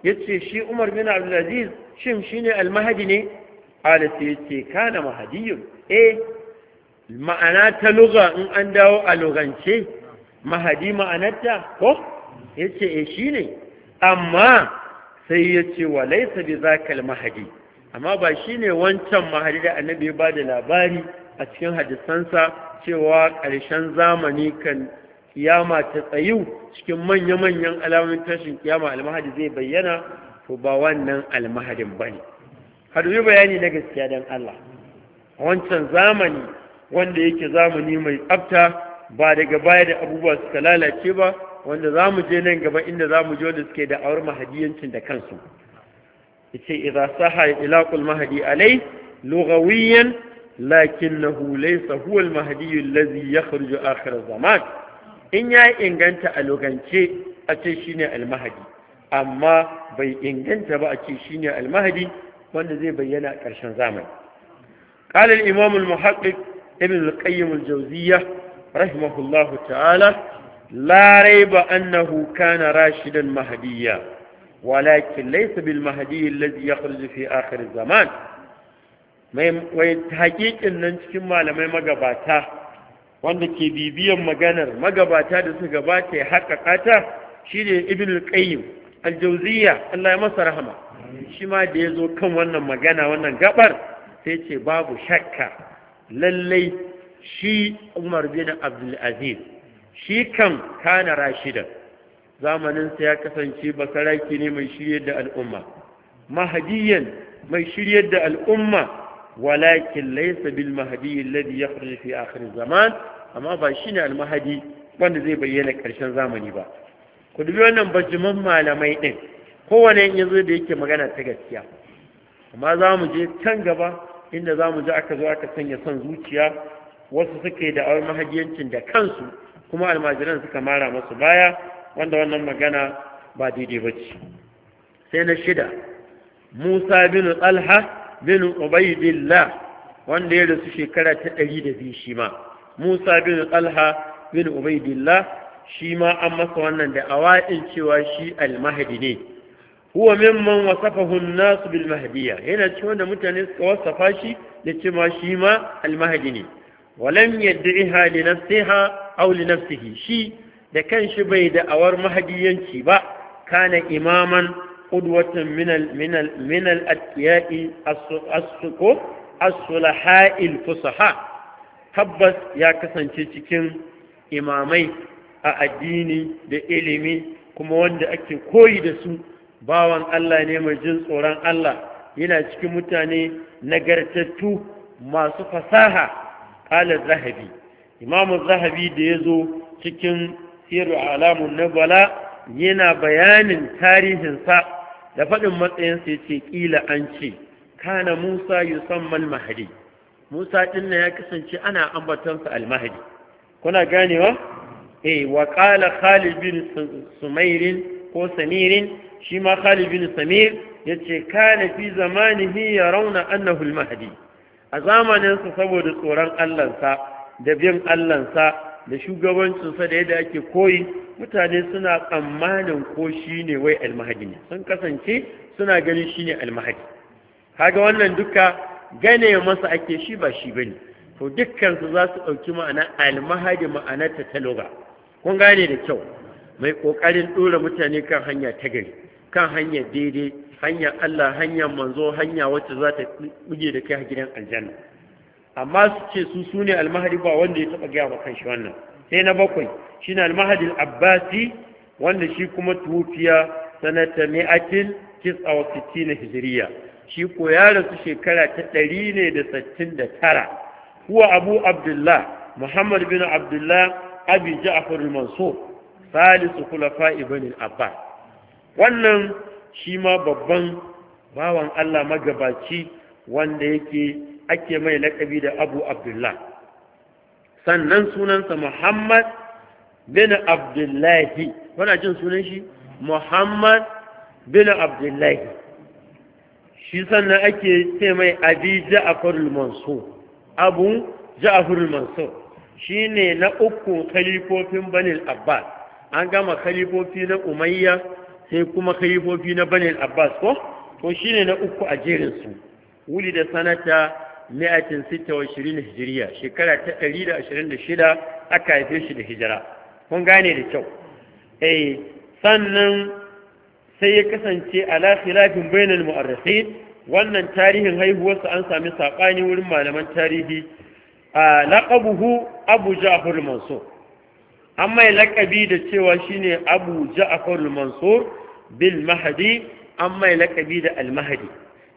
yace shi Umar bin Abdulaziz shin shi ne almahadi ne qala sai yace kana mahadiyun eh ma'ana ta lugha in an dawo a lugance mahadi ma'anarta ko yace eh shine amma sai yace wa laisa bi zakal mahadi amma ba shine wancan mahadi da annabi ya da labari a cikin hadisansa cewa ƙarshen zamani kan kiyama ta tsayu cikin manya-manyan alamomin tashin kiyama almahadi zai bayyana to ba wannan almahadin ba ne haduyi bayani na gaskiya don Allah a wancan zamani wanda yake zamani mai tsabta ba daga baya da abubuwa suka lalace ba wanda za mu je nan gaba inda za mu je wanda suke da awar mahadiyancin da kansu yace idza saha ilaqul mahdi alai Lakin lakinnahu laysa huwa al-mahdi alladhi yakhruju akhir zaman in ya inganta a lugance a ce shine almahadi. amma bai inganta ba a ce shi ne almahadi wanda zai bayyana ƙarshen zamani ƙalar imamul muhaɗi ibn al jauziya rahimahullahu ta'ala larai ba annahu kana rashidan mahadiyya walakin laisa bil mahadiyyin lazi ya kurji fi akhir zaman mai haƙiƙin nan cikin malamai magabata wanda ke bibiyan maganar magabata da suka gabata ya haƙaƙata, ta shi ne ibn al aljauziya Allah ya masa rahama shi ma da ya zo kan wannan magana wannan gabar sai ce babu shakka lallai shi Umar bin Abdul shi kam kana rashidan zamaninsa ya kasance basaraki ne mai shiryar da al'umma mahadiyan mai shiryar da al'umma walakin laysa bil mahdi alladhi yakhruju fi akhir zaman amma ba shine al mahdi wanda zai bayyana karshen zamani ba ku dubi wannan bajiman malamai ɗin kowane yin yanzu da yake magana ta gaskiya amma za mu je can gaba inda za mu ji aka zo aka sanya son zuciya wasu suke da awar mahajiyancin da kansu kuma almajiran suka mara masu baya wanda wannan magana ba daidai ba ce sai na shida musa bin alha bin ubaidillah wanda ya rasu shekara ta ɗari da biyu shi ma musa bin alha bin ubaidillah shi ma an masa wannan da awaɗin cewa shi almahadi ne huwa mimman wasafahu an bil mahdiyya yana ce da mutane suka wasafa shi da cewa shi ma almahadi ne walam yad'iha li nafsiha aw li nafsihi shi da kanshi bai da awar mahdiyanci ba kana imaman qudwatan min al min al min al atiyai as-suqu as-sulaha al-fusaha tabbas ya kasance cikin imamai a addini da ilimi kuma wanda ake koyi da su bawan Allah ne mai jin tsoron Allah yana cikin mutane nagartattu masu fasaha alar zahabi imamu zahabi da ya zo cikin siru alamun nabala yana bayanin tarihinsa da faɗin matsayinsa ce ƙila an ce kana musa yusamman mahadi musa ɗin ya kasance ana ambatonsa almahadi kuna ganewa eh wa qala Khalid bin ko Samirin shi ma Khalid bin Samir yace kana fi zamanihi ya rauna, al-mahdi a zamanin saboda tsoron Allah sa da bin Allah sa da shugabancin sa da yadda ake koyi mutane suna tsammanin ko shine wai al-mahdi ne sun kasance suna ganin shine al-mahdi kaga wannan duka gane masa ake shi ba shi bane to dukkan su za su ɗauki ma'ana al-mahdi ma'anar ta taloga kun gane da kyau mai ƙoƙarin ɗora mutane kan hanya ta gari kan hanya daidai hanya Allah hanya manzo hanya wacce za ta buge da kai gidan aljanna amma su ce su su ne almahadi ba wanda ya taɓa gaya wa kanshi wannan sai na bakwai shi ne almahadi abbasi wanda shi kuma tufiya sanata mi'atin tis'a wa na hijiriya shi ko ya rasu shekara ta ɗari ne da sittin da tara huwa abu abdullah muhammad bin abdullah abi ja'far al-mansur salisu khulafa'i bani abbas wannan shi ma babban bawan Allah magabaci wanda yake ake mai laƙabi da Abu Abdullah sannan sunansa Muhammad bin Abdullahi wana jin sunan shi Muhammad bin Abdullahi shi sannan ake ce mai Abi Ja'far al-Mansur Abu Ja'far mansur shine na uku khalifofin banil abbas an gama khalifofi na umayya sai kuma khalifofi na banil abbas ko to shine na uku a jerin su wuli da sanata 126 hijiriya shekara ta 126 aka haife shi da hijira kun gane da kyau eh sannan sai ya kasance ala khilafin bainal mu'arrikhin wannan tarihin haihuwarsa an sami saɓani wurin malaman tarihi laƙabuhu abu ja'afar mansur an mai laƙabi da cewa shine abu ja'afar mansur bil mahadi an mai laƙabi da almahadi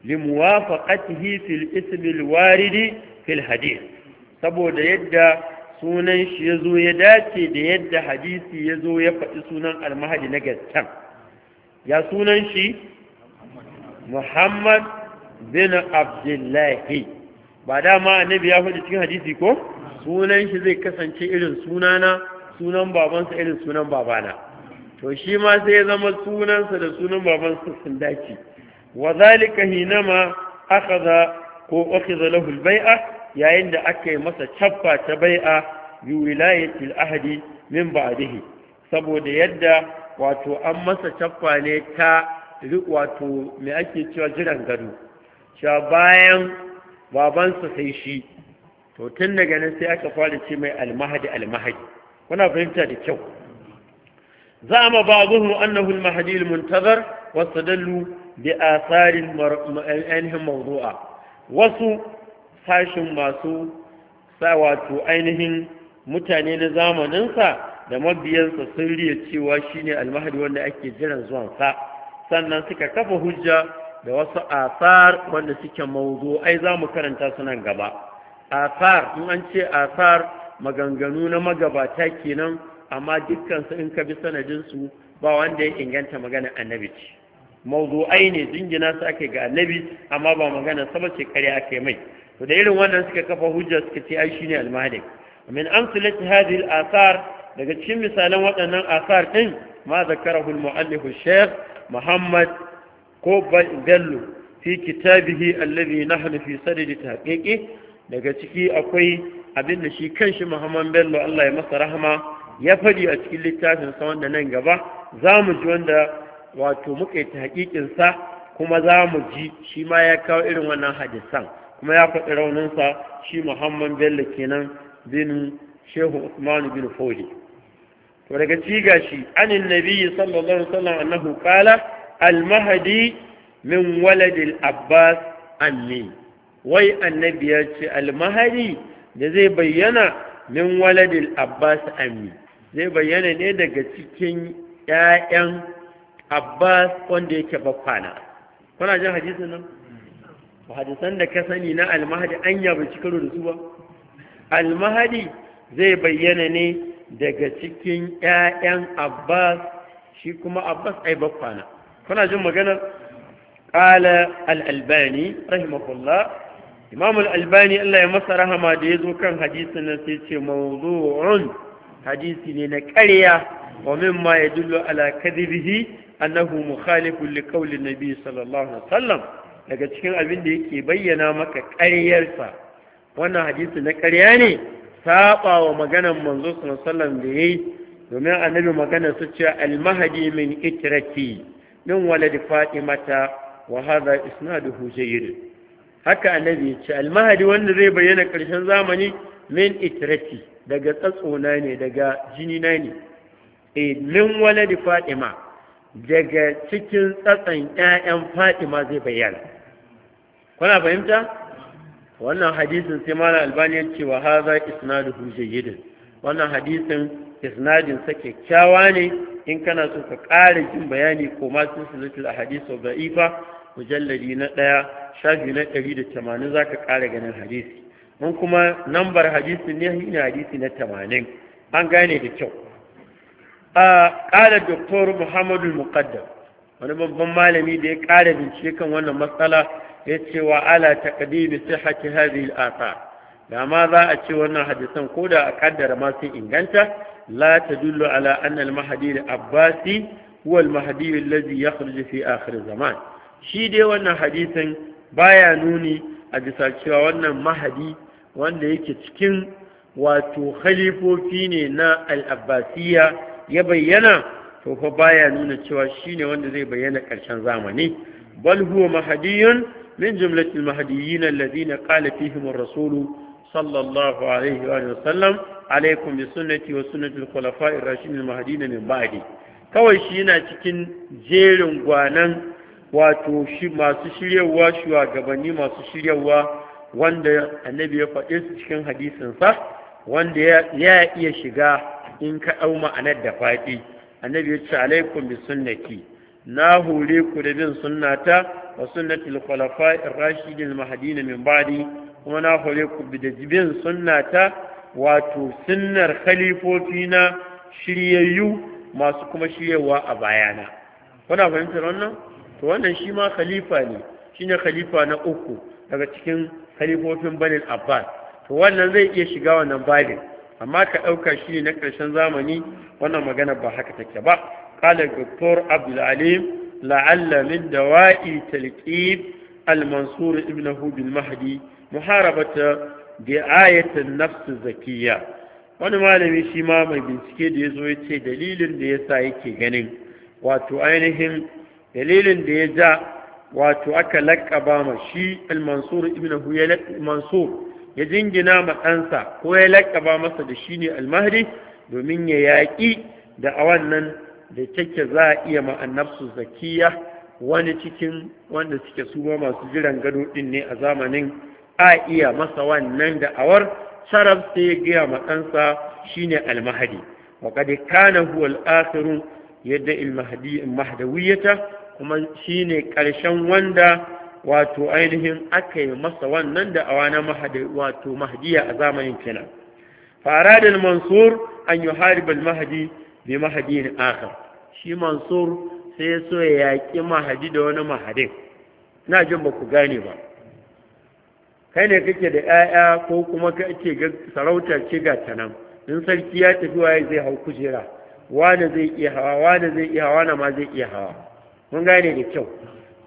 limuwafaqatihi fil ismi alwaridi fil hadith saboda yadda sunan shi ya zo ya dace da yadda hadisi ya zo ya faɗi sunan almahadi na gaskan ya sunan shi muhammad bin abdullahi ba dama annabi ya faɗi cikin hadisi ko sunan shi zai kasance irin sunana sunan babansa irin sunan babana to shi ma sai ya zama sunansa da sunan babansa sun dace wa zalika hinama akhadha ko akhadha lahu albay'a yayin da aka yi masa chaffa ta bai'a bi wilayati al-ahdi min ba'dihi saboda yadda wato an masa chaffa ne ta wato me ake cewa jiran gado cewa bayan babansa sai shi to tun daga nan sai aka fara ce mai almahadi almahadi kuna fahimta da kyau زعم بعضهم أنه wasu المنتظر واستدلوا بآثار أنهم موضوعة wasu sashin masu wato ainihin mutane na zamaninsa da mabiyansa sun riya cewa shine almahadi wanda ake jiran zuwansa sannan suka kafa hujja da wasu asar wanda suke ai za mu karanta su nan gaba asar in an ce asar maganganu na magabata kenan amma dukkansu in ka bi sanadinsu ba wanda ya inganta magana annabi ce ai ne jingina su ake ga annabi amma ba magana sama ce kare ake mai to da irin wannan suka kafa hujja suka ce ai shine almahdi min amsalat hadhihi al-athar daga cikin misalan waɗannan asar din ma zakarahu al-mu'allif al-shaykh Muhammad ko bello fi kitabihi allazi nahnu fi sadri taqiqi daga ciki akwai abin da shi kanshi Muhammad Bello Allah ya masa rahama ya fadi a cikin littafin sa wanda nan gaba zamu ji wanda wato muka yi hakikin sa kuma zamu ji shi ma ya kawo irin wannan hadisan kuma ya faɗi raunin sa shi Muhammad Bello kenan bin Shehu Usman bin Fodi to daga ci gashi anin nabi sallallahu alaihi wasallam annahu qala almahadi min waladil abbas anni wai annabi ya ce almahadi da zai bayyana min waladil abbas anni zai bayyana ne daga cikin ƴaƴan abbas wanda yake bakwana. kuna jin hadisin nan hadisan da ka sani na almahadi an yaba karo da su ba almahadi zai bayyana ne daga cikin ƴaƴan abbas shi kuma abbas ai bakwana. kuna jin maganar ƙala al'albani rahimahullah imam al'albani Allah ya masa rahama da ya zo kan hadisi na sai ce mawuzo'un hadisi ne na ƙarya wa ma ya dullo ala kadirihi annahu mukhalifun li qawli nabi sallallahu alaihi wasallam daga cikin abin da yake bayyana maka ƙaryarsa wannan hadisi na ƙarya ne saba wa maganar manzo sallallahu alaihi wasallam da yayi domin annabi magana su ce al-mahdi min itraki min waladi fatimata wa hadha isnaduhu jayyid haka annabi ya ce almahadi wanda zai bayyana ƙarshen zamani min itrati daga tsatsona ne daga jini na ne e min waladi fatima daga cikin tsatsan ƴaƴan fatima zai bayyana kuna fahimta wannan hadisin sai mala albani ya ce wa hadha isnaduhu jayyid wannan hadisin isnadin sa kyakkyawa ne in kana so ka ƙara jin bayani ko ma sun a ahadith ga ifa mujalladi na ɗaya shafi na ɗari da tamanin za ka ƙara ganin hadisi mun kuma nambar hadisi ne shine hadisi na tamanin an gane da kyau a ƙara doktor muhammadu muqaddam wani babban malami da ya ƙara bincike kan wannan matsala ya ce wa ala taqdimi sihhati hadhihi al-athar da ma za a ce wannan hadisan ko da a kaddara ma sun inganta la tadullu ala anna mahdi al-abbasi huwa al-mahdi alladhi yakhruj fi akhir zaman shi dai wannan hadisin baya nuni a bisa cewa wannan mahadi wanda yake cikin wato khalifofi ne na al abbasiya ya bayyana to fa baya nuna cewa shine wanda zai bayyana ƙarshen zamani bal huwa mahdiyun min jumlatil mahdiyyin alladhina qala fihim ar-rasulu صلى الله عليه وآله وسلم عليكم بسنتي وسنة الخلفاء الراشدين المهديين من بعدي kawai shi yana cikin jerin gwanan wato shi masu shiryawa shugabanni masu shiryawa wanda annabi ya faɗi cikin hadisinsa wanda ya iya shiga in ka ɗau ma'anar da faɗi annabi ya ce alaikum bi sunnati na hure ku da bin sunnata wa sunnatul khulafa'ir rashidin mahdin min ba'di kuma na hore ku da jibin sunna ta wato sunnar khalifofi na shiryayyu masu kuma shiryawa a bayana kuna fahimtar wannan to wannan shi ma khalifa ne shine khalifa na uku daga cikin khalifofin banin abbas to wannan zai iya shiga wannan babin amma ka ɗauka shi ne na ƙarshen zamani wannan magana ba haka take ba qala doktor abdul alim la'alla min dawa'i talqib al-mansur ibnu bil mahdi muharabata bi ayatin nafsu zakiya wani malami shi ma mai bincike da ya zo ya ce dalilin da yasa yake ganin wato ainihin dalilin da ya ja wato aka lakaba ma shi al-mansur ibn ya mansur ya jingina ma ɗansa ko ya lakaba masa da shi ne al-mahdi domin ya yaƙi da a wannan da take za a iya ma ma'annabsu zakiya wani cikin wanda suke ma masu jiran gado ɗin ne a zamanin a iya masa wannan da'awar sharaf sai ya gaya matsansa shine almahadi wa kad kana huwa al yadda mahdawiyata kuma shine ƙarshen wanda wato ainihin aka yi masa wannan da'awa na wato mahdiya a zamanin kenan fara da mansur an yi al-mahdi bi mahdin aka shi mansur sai ya so ya yaƙi mahadi da wani mahadin na jin ba ku gane ba kai ne kake da 'ya'ya ko kuma kake ga sarauta ce ga ta nan in sarki ya tafi waye zai hau kujera wane zai iya hawa wane zai iya hawa na ma zai iya hawa mun gane da kyau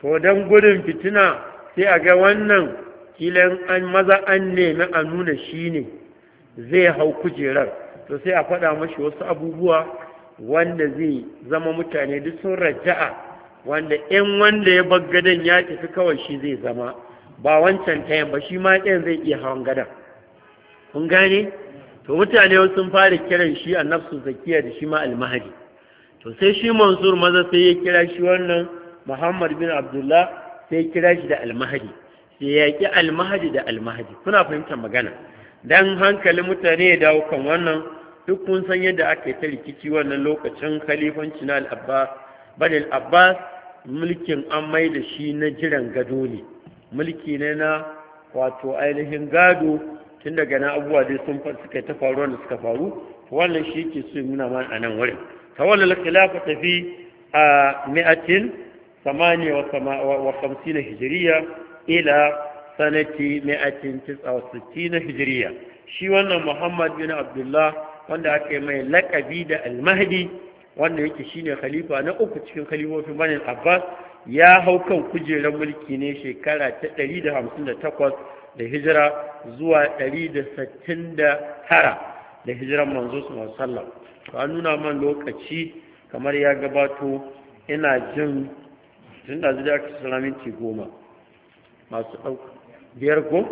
to don gudun fitina sai a ga wannan kilan an maza an nemi a nuna shi ne zai hau kujerar to sai a faɗa mashi wasu abubuwa wanda zai zama mutane duk sun raja'a wanda 'yan wanda ya baggadan ya tafi kawai shi zai zama ba wancan tayan ba shi ma ɗayan zai iya hawan gadan kun gane to mutane sun fara kiran shi annabsu zakiya da shi ma almahadi to sai shi mansur maza sai ya kira shi wannan muhammad bin abdullah sai ya kira shi da almahari sai ya ki almahadi da almahari kuna fahimtar magana dan hankali mutane ya dawo kan wannan duk kun san yadda aka yi ta rikici wannan lokacin khalifanci na al'abba. Bani al'abba mulkin an mai da shi na jiran gado ne mulki ne na wato ainihin gado tun daga na abubuwa dai sun suka ta faru wanda suka faru wannan shi ke so nuna mana a nan wurin tawallal khilafa fi a mi'atin samaniya wa na hijiriya ila sanati mi'atin tisa wa na hijiriya shi wannan muhammad bin abdullah wanda aka yi mai lakabi da almahdi wanda yake shine khalifa na uku cikin khalifofin banin abbas ya hau kan kujerar mulki ne shekara ta 158 da hijira zuwa 169 da hijiran manzo su To an nuna man lokaci kamar ya gabato ina jin tun da zuwa aka sura minti goma masu ɗauka biyar ko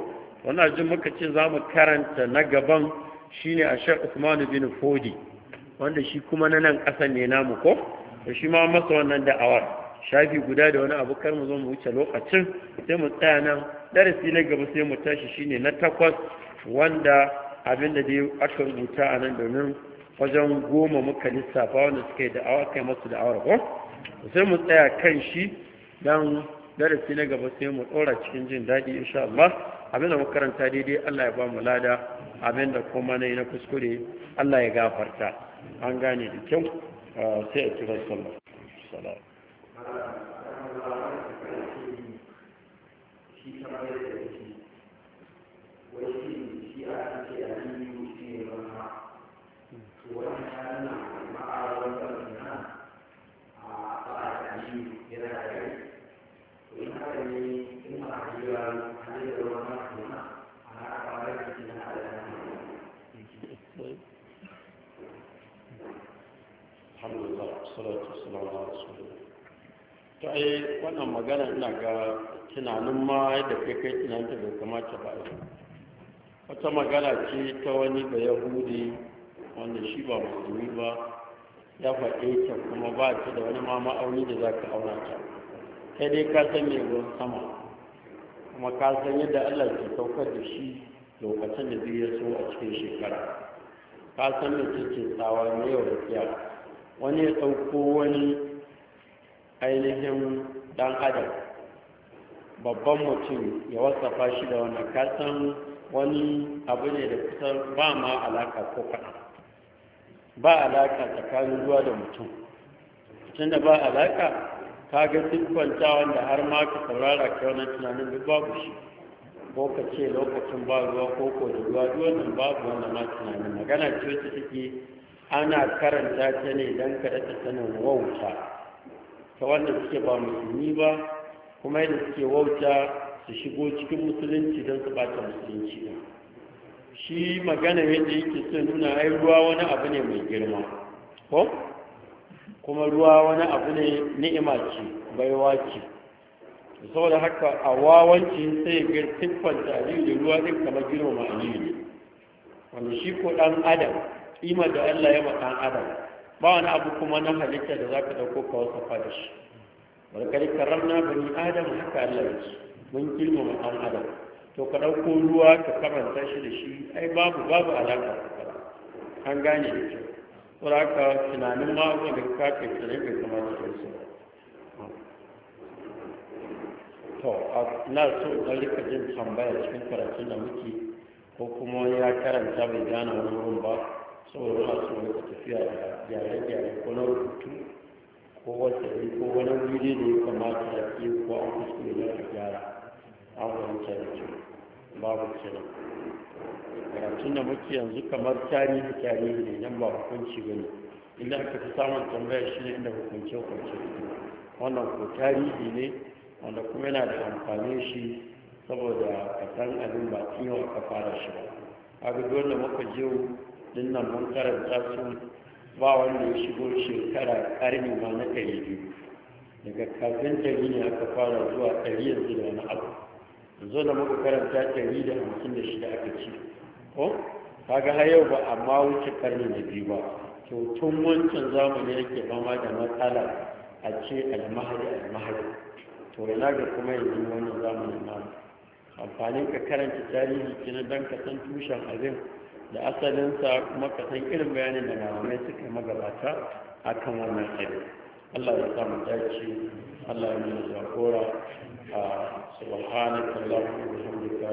wannan jin muka ce za mu karanta na gaban shine a shek usman bin fodi wanda shi kuma na nan ƙasa ne namu ko da shi ma masa wannan da'awar shafi guda da wani abu kar mu zo mu wuce lokacin sai mu tsaya nan darasi na gaba sai mu tashi shine na takwas wanda abin da dai aka rubuta a nan domin wajen goma muka lissafa wanda suka yi awa kai masu da'awar ko sai mu tsaya kan shi dan darasi na gaba sai mu dora cikin jin daɗi insha Allah abin da makaranta daidai Allah ya ba mu lada abin da kuma na na kuskure Allah ya gafarta an gane da kyau ah, sai a kira sallah shi kamar yadda yake shi ai wannan magana ina ga tunanin ma yadda kai kai ta bai kamata ba wata magana ce ta wani da yahudi wanda shi ba musulmi ba ya faɗe ta kuma ba ta da wani ma ma'auni da za ka auna ta kai dai ka san mai ruwan sama kuma ka san yadda allah ke saukar da shi lokacin da zai so a cikin shekara ka san mai cikin tsawa ne yau da wani ya ɗauko wani ainihin dan adam babban mutum ya wasafa shi da wani kasan wani abu ne da kusan ba ma alaka ko kaɗan ba alaka tsakanin ruwa da mutum tun da ba alaka ka ga duk kwanta wanda har ma ka saurara ka wani tunanin duk babu shi ko ka ce lokacin ba ruwa ko ko da ruwa duk wannan babu wannan ma tunanin magana ce wacce take ana karanta ta ne don ka rasa sanin wauta ta wanda suke ba musulmi ba kuma yadda suke wauta su shigo cikin musulunci don su bata musulunci ba shi magana yadda yake so nuna ai ruwa wani abu ne mai girma ko kuma ruwa wani abu ne ni'ima ce baiwa ce saboda haka a wawanci sai ga siffanta aliyu da ruwa din kamar girma aliyu ne wanda shi ko dan adam Ima da Allah ya ma dan adam ba wani abu kuma na halitta da za ka ɗauko ka wasafa da shi barkar na bani adam haka Allah ya mun girmama an adam to ka ɗauko ruwa ka karanta shi da shi ai babu babu alaƙa an gane da ke. saboda aka tunanin ma abin da ka bai ka yi to na so ɗan rika jin tambaya cikin karatun da muke ko kuma ya karanta bai gane wani wurin ba saboda ba su wani tafiya da gyare-gyare ko na rubutu ko wata yi ko wani wuri ne ya kamata ya ke ko an kuskure na ta gyara an wani kyarki babu kiran karatun da muke yanzu kamar tarihi tarihi ne nan ba hukunci ba ne inda aka fi samun tambaya shi ne inda hukunce hukunce wannan ko tarihi ne wanda kuma yana da amfani shi saboda a san abin ba tun yau aka fara shi ba a duk wanda muka je dinnan mun karanta su ba wanda ya shigo shekara karni ma na ɗari biyu daga kafin ɗari ne aka fara zuwa ɗari yanzu da wani abu yanzu da muka karanta ɗari da hamsin da shida aka ci ko kaga har yau ba amma wuce karni na biyu ba to tun wancan zamani yake fama da matsala a ce almahari almahari to yana ga kuma yanzu wannan zamanin namu amfanin ka karanta tarihi kina don ka san tushen abin da asalinsa kuma ka san irin bayanin da malamai suka magabata a kan wannan abin allah ya samu dace allah ya nuna zakora a subhanaka allahumma wa bihamdika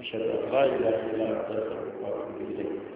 ashhadu an la ilaha illa anta astaghfiruka wa atubu ilayk